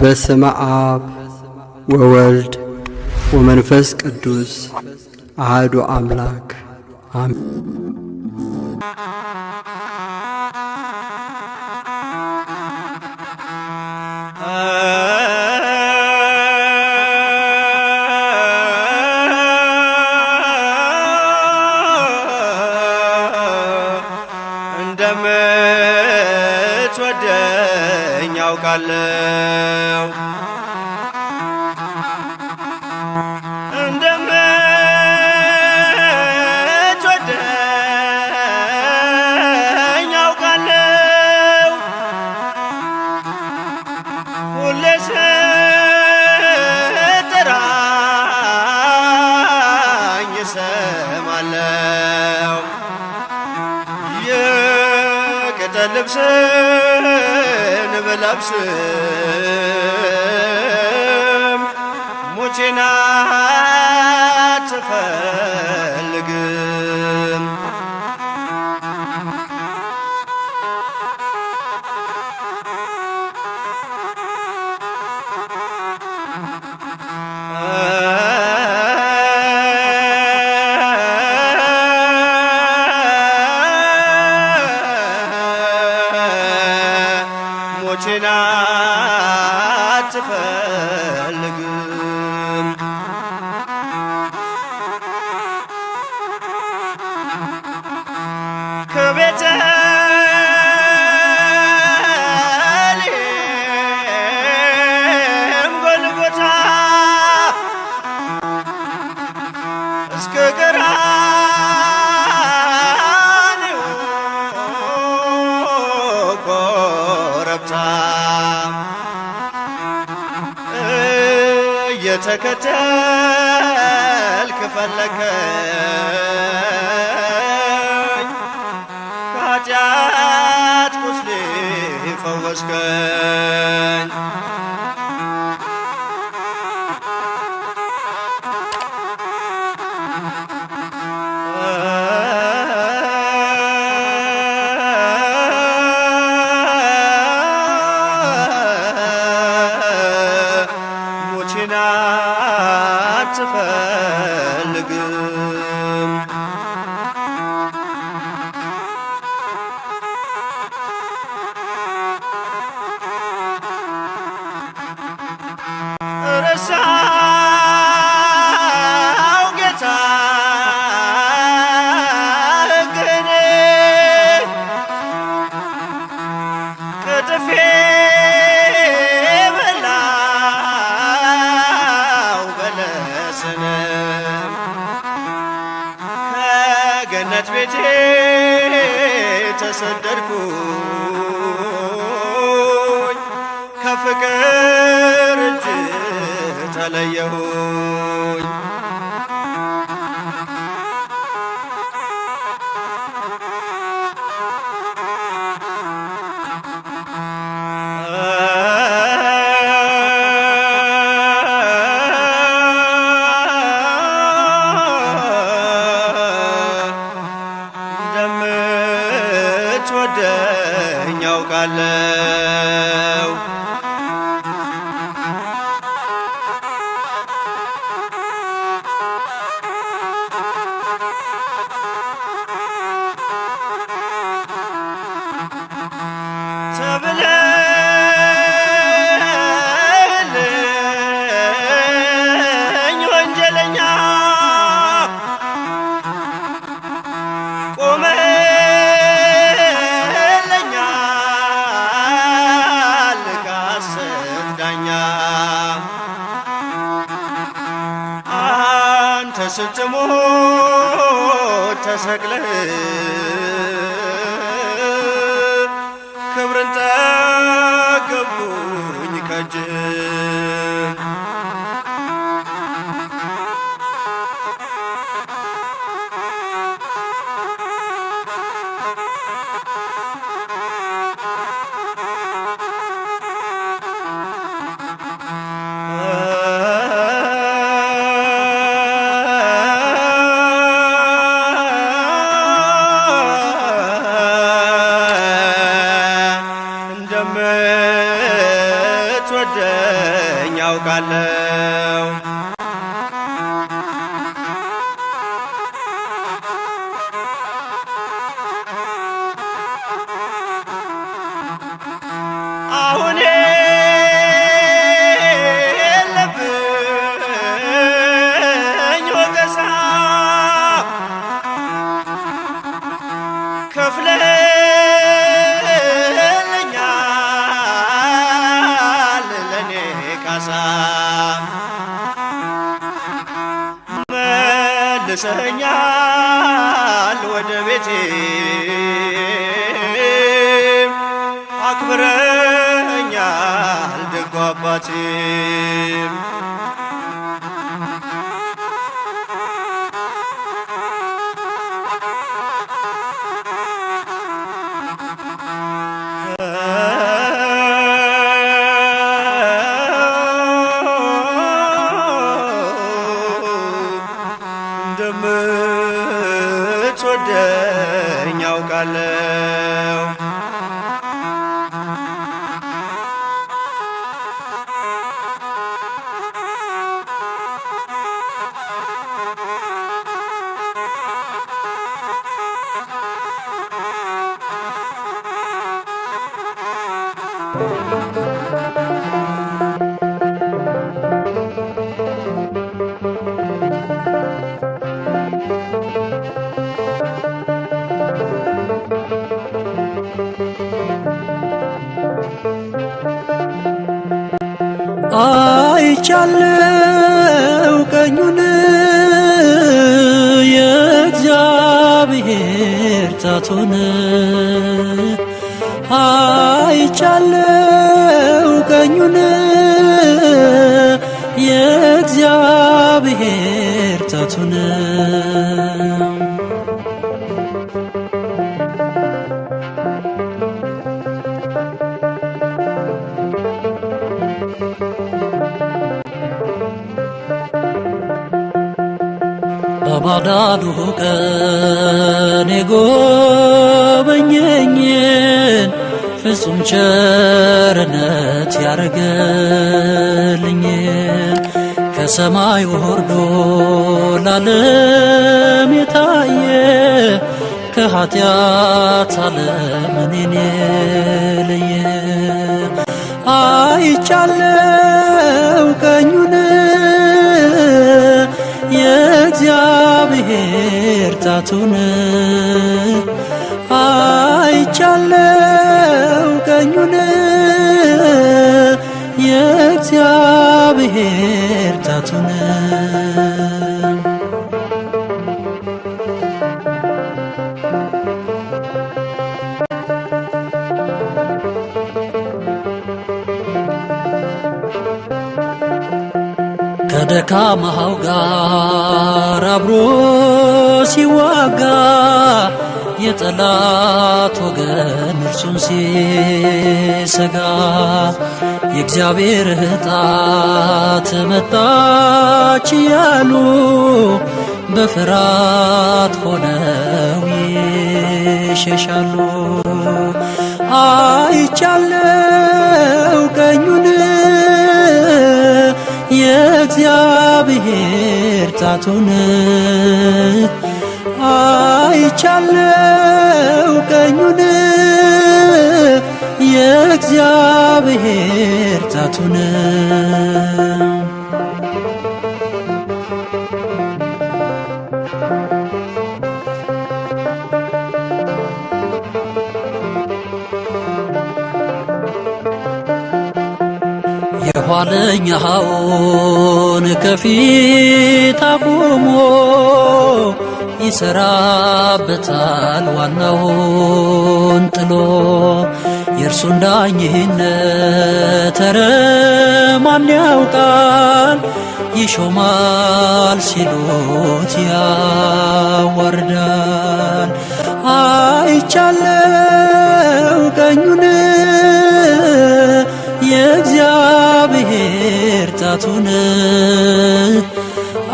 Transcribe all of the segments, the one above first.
በስመ አብ ወወልድ ወመንፈስ ቅዱስ አህዱ አምላክ አሜን። እንደምትወደኝ ያውቃል ልብስን ከተልክ ፈለከኝ ከኃጢአት ቁስሌ ፈወስከኝ ይመልሰኛል ወደ ቤቴ አክብረኛል ደጓ አባቴ አይቻለው ቀኙን የእግዚአብሔር ጣቱን አይቻለው ቀኙን የእግዚአብሔር ታቱን በማዳኑ ቀን የጎበኘኝን ፍጹም ቸርነት ያረገልኝ ከሰማይ ወርዶ ላለም የታየ ከኃጢአት ዓለም እኔን የለየ አይቻለው ቀኙን የእግዚአብሔር ጣቱን አይቻለው ይሁን የእግዚአብሔር ጣቱን ከደካማው ጋር አብሮ ሲዋጋ የጠላት ወገን እርሱን ሲሰጋ የእግዚአብሔር እጣት መጣች እያሉ በፍራት ሆነው ይሸሻሉ። አይቻለው ቀኙን የእግዚአብሔር ጣቱን አይቻለው ቀኙን የእግዚአብሔር ጣቱን የኋለኛውን ከፊት አቁሞ ይሰራበታል ዋናውን ጥሎ የእርሱን ዳኝነት ኧረ ማን ያውቃል ይሾማል ሲሉት ያዋርዳል አይቻለን እግዚአብሔር ጣቱን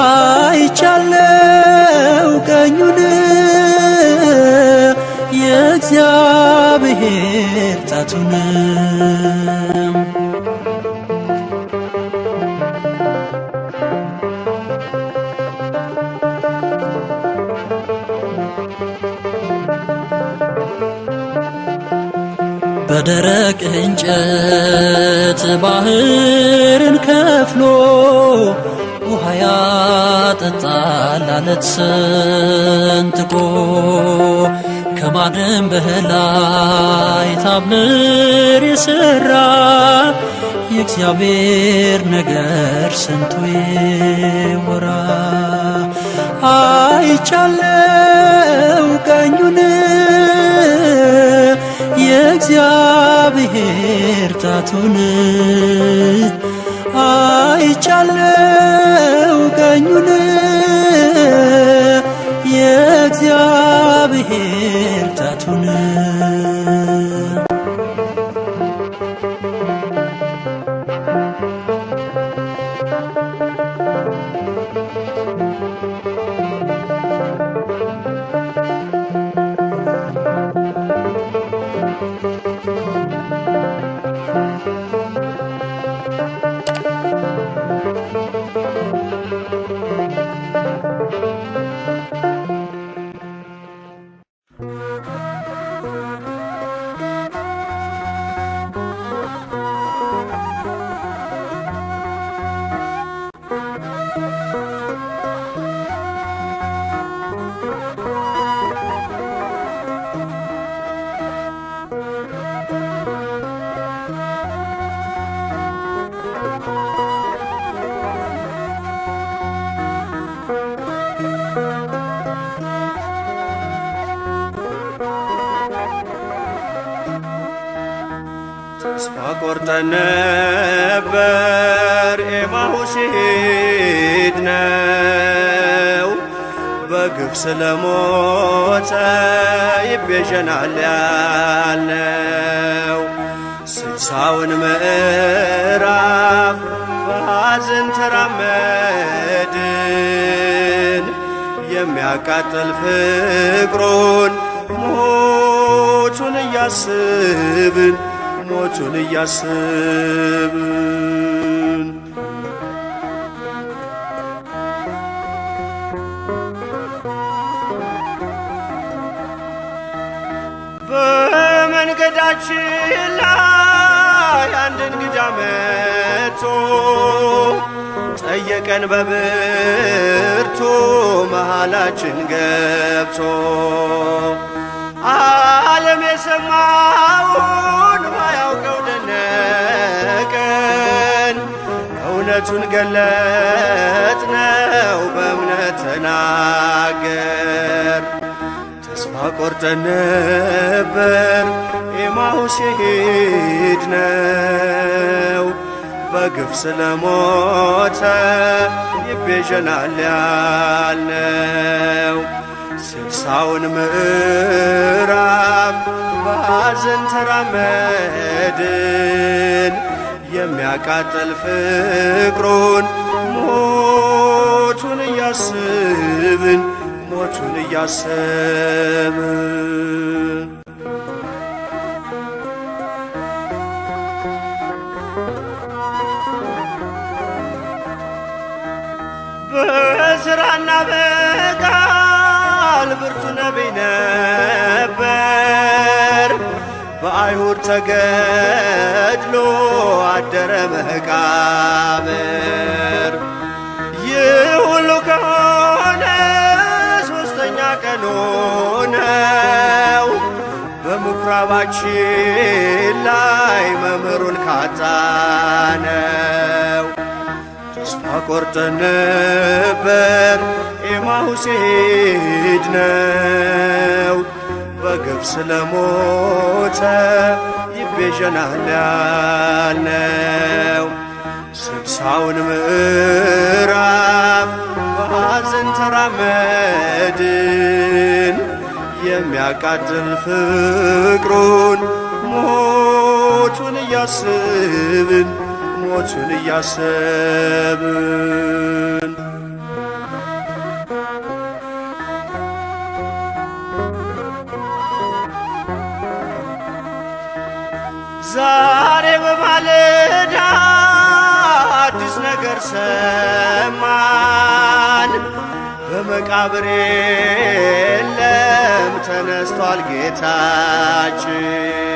አይቻለው ቀኙን የእግዚአብሔር ጣቱን በደረቅ እንጨት ባህርን ከፍሎ ውሃ ያጠጣላለት አለት ሰንጥቆ ከማንም በላይ ታምር የሠራ የእግዚአብሔር ነገር ስንቱ ይወራ። አይቻለው ቀኙንም የእግዚአብሔር ጣቱን አይቻለው ቀኙን የእግዚአብሔር ጣቱን ነበር ኤማሁስ ሄድ ነው በግፍ ስለሞተ ይቤዠናል ያለው ስልሳውን ምዕራፍ በሐዘን ተራመድን የሚያቃጥል ፍቅሩን ሞቱን እያስብን ሞቱን እያስብን በመንገዳችን ላይ አንድ እንግዳ መጥቶ ጠየቀን በብርቱ መሃላችን ገብቶ ዓለም የሰማውን ማያውቀው ደነቀን። እውነቱን ነው በእምነት ተናገር። ተስፋ ቆርጠን ነበር ኤማሁስ ነው በግፍ ስለሞተ ይቤዠናል ያልነው ስልሳውን ምዕራፍ ባዘን ተራመድን የሚያቃጠል ፍቅሩን ሞቱን እያስብን ሞቱን እያሰብን በስራና በ ነበር በአይሁድ ተገድሎ አደረ መቃብር። ይህ ሁሉ ከሆነ ሦስተኛ ቀን ሆነው በምኩራባችን ላይ መምህሩን ካጣነው አቆርጠን ነበር ኤማሁስ ሄድነው በግፍ ስለሞተ ይቤዠናል ያልነው ስልሳውን ምዕራፍ በሐዘን ተራመድን የሚያቃጥል ፍቅሩን ሞቱን እያስብን ሞቱን እያሰብን ዛሬ በማለዳ አዲስ ነገር ሰማን። በመቃብር የለም ተነስቷል ጌታችን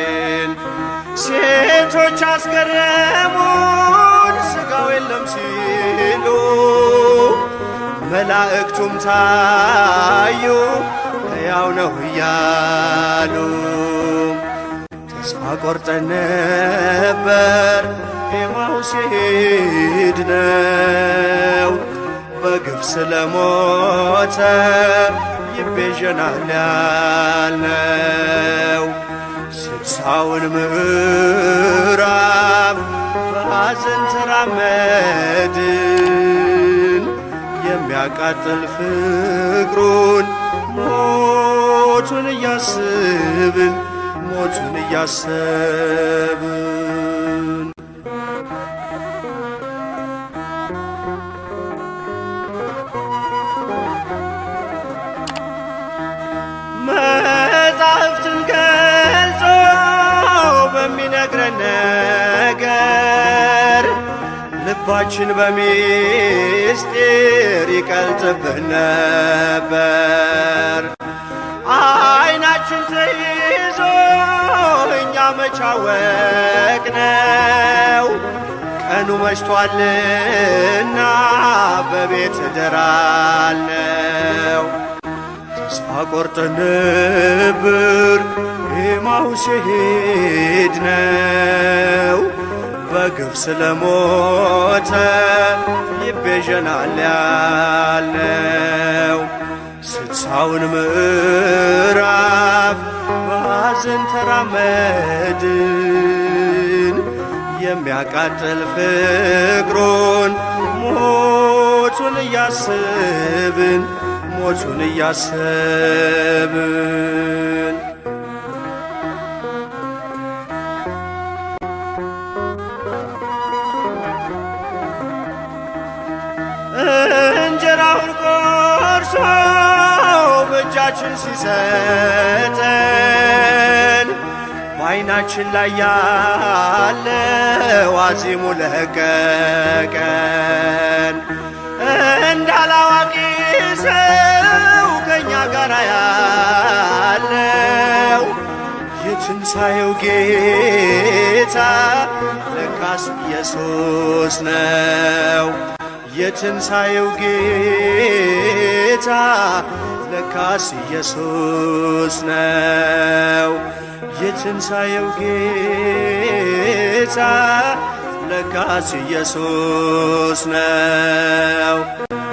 ሴቶች አስገረሙን ስጋው የለም ሲሉ መላእክቱም ታዩ ሕያው ነው እያሉ ተስፋ ቆርጠን ነበር ኤማሁስ ሲሄድ ነው በግፍ ስለሞተ ይቤዠናል ያልነው ሳውን ምዕራፍ በሐዘን ተራመድን የሚያቃጥል ፍቅሩን ሞቱን እያስብን ሞቱን እያሰብን ልባችን በሚስጢር ይቀልጥብህ ነበር። ዓይናችን ተይዞ እኛ ነው! ቀኑ መሽቷልና በቤት ደራለው ተስፋ ቆርጠን ነበር ኤማሁስ የሄድነው በግፍ ስለሞተ ይቤዠናል ያለው ስልሳውን ምዕራፍ በሐዘን ተራመድን የሚያቃጥል ፍቅሩን ሞቱን እያስብን ሞቱን እያስብን ደርሶ በእጃችን ሲሰጠን በዓይናችን ላይ ያለ ዋዚሙ ለቀቀን። እንዳላዋቂ ሰው ከእኛ ጋር ያለው የትንሣኤው ጌታ ለካስ ኢየሱስ ነው። የትንሣኤው ጌታ ለካስ ኢየሱስ ነው። የትንሣኤው ጌታ ለካስ ኢየሱስ ነው።